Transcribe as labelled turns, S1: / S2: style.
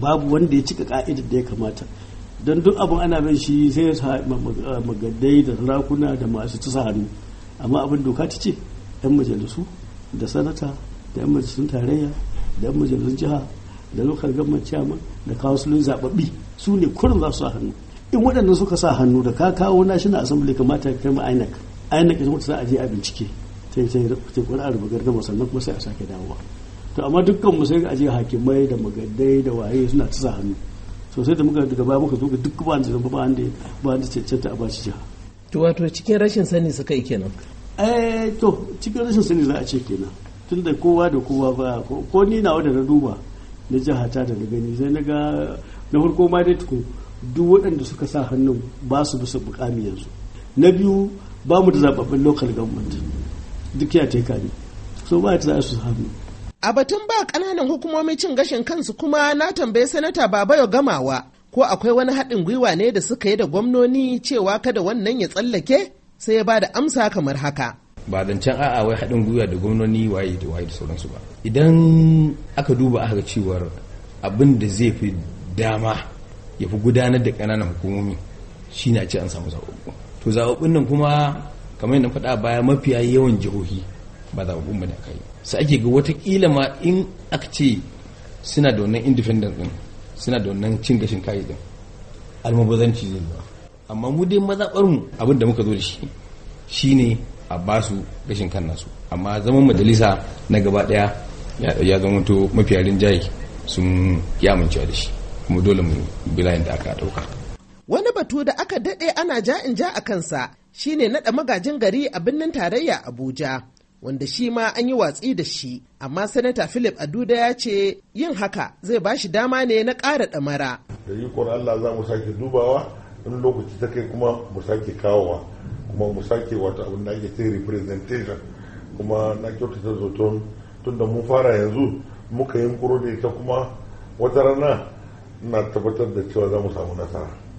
S1: babu wanda ya cika ka'idar da ya kamata don duk abin ana bin shi sai magaddai da sarakuna da masu tusa hannu amma abin doka ta ce yan majalisu da sanata da yan majalisun tarayya da yan majalisun jiha da lokal gamar ciyama da kawusulun zababbi su ne kurin za su sa hannu in waɗannan suka sa hannu da ka kawo na assembly kamata ya kai inec ainak ita wata za a je a bincike ta yi ta yi ƙwararra bugar da sannan kuma sai a sake dawowa to amma dukkan mu sai aje hakimai da magaddai da waye suna ta sa hannu sosai da muka daga baya muka zo ga duk ba da ba an da ba an da cancanta a bashi jiha
S2: to wato cikin rashin sani suka yi kenan
S1: eh to cikin rashin sani za a ce kenan tun da kowa da kowa ba ko ni na wanda na duba na jiha ta da na gani sai na ga na farko ma dai tukun duk waɗanda suka sa hannun ba su bisa bukami yanzu na biyu ba mu da zababbin local government duk ya teka ne so ba ta za su hannu
S2: A batun ba ƙananan hukumomi cin gashin kansu kuma na tambayi sanata ya Gamawa ko akwai wani haɗin gwiwa ne da suka yi da gwamnoni cewa kada wannan ya tsallake sai ya ba da amsa kamar haka.
S3: Ba zancen a'a wai haɗin gwiwa da gwamnoni waye da waye da sauransu ba. Idan aka duba aka cewar abin da zai fi dama ya fi gudanar da ƙananan hukumomi shi a ce an samu zaɓaɓɓu. To zaɓaɓɓun nan kuma kamar yadda faɗa baya mafiya yawan jihohi ba za ba ne aka yi su ake ga watakila ma in aka ce suna da wannan independent din suna da wannan cin gashin kayi din almubazanci zai ba amma mu dai mazaɓar mu abin da muka zo da shi shine a ba su gashin kan nasu amma zaman majalisa na gaba daya ya zama to mafiya jayi sun amincewa da shi kuma dole mu bilayen da aka dauka
S2: wani batu da aka dade ana ja in ja a kansa shine naɗa magajin gari a birnin tarayya abuja wanda shi ma an yi watsi da shi amma sanata philip aduda ya ce yin haka zai ba shi dama ne na ƙara ɗamara
S1: da ikon allah za mu sake dubawa in lokaci ta kai kuma mu sake kawowa kuma mu sake wata abin da ake ce representation kuma na kyautata zaton tun da mun fara yanzu muka yi kuro da ita kuma wata rana na tabbatar da cewa za mu samu nasara